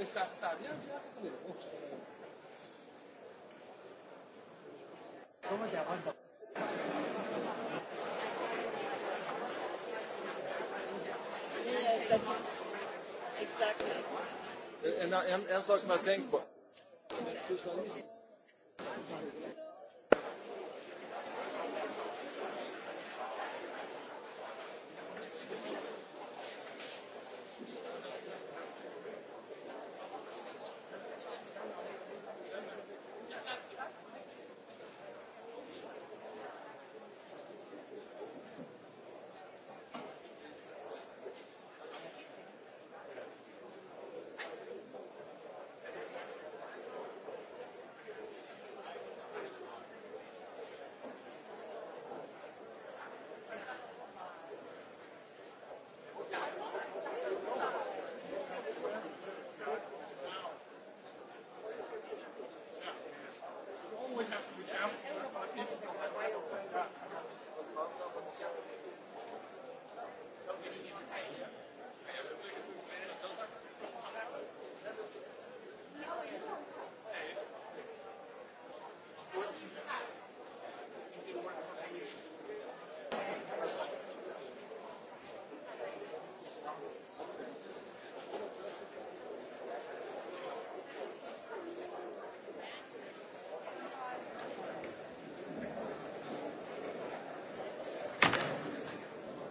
Mais ça, ça exactly. And, and, think,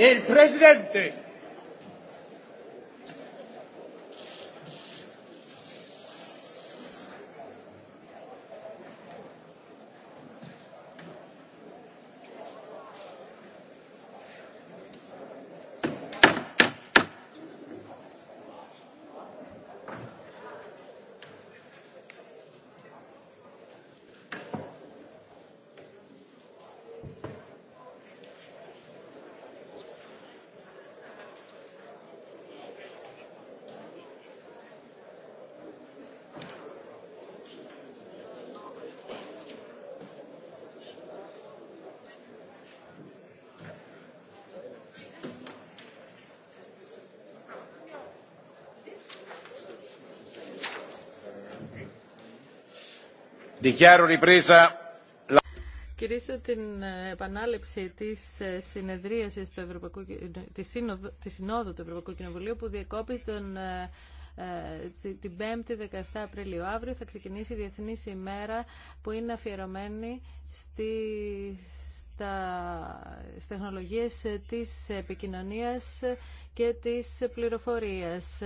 El presidente. Dichiaro Κυρίσω την ε, επανάληψη της ε, συνεδρίασης του Ευρωπαϊκού, ε, της, Σύνοδου, της Συνόδου του Ευρωπαϊκού Κοινοβουλίου που διεκόπη τον, την 5η 17 Απριλίου. Αύριο θα ξεκινήσει η Διεθνής ξεκινησει η διεθνη ημερα που είναι αφιερωμένη στη, στα στις τεχνολογίες της επικοινωνίας και της πληροφορίας.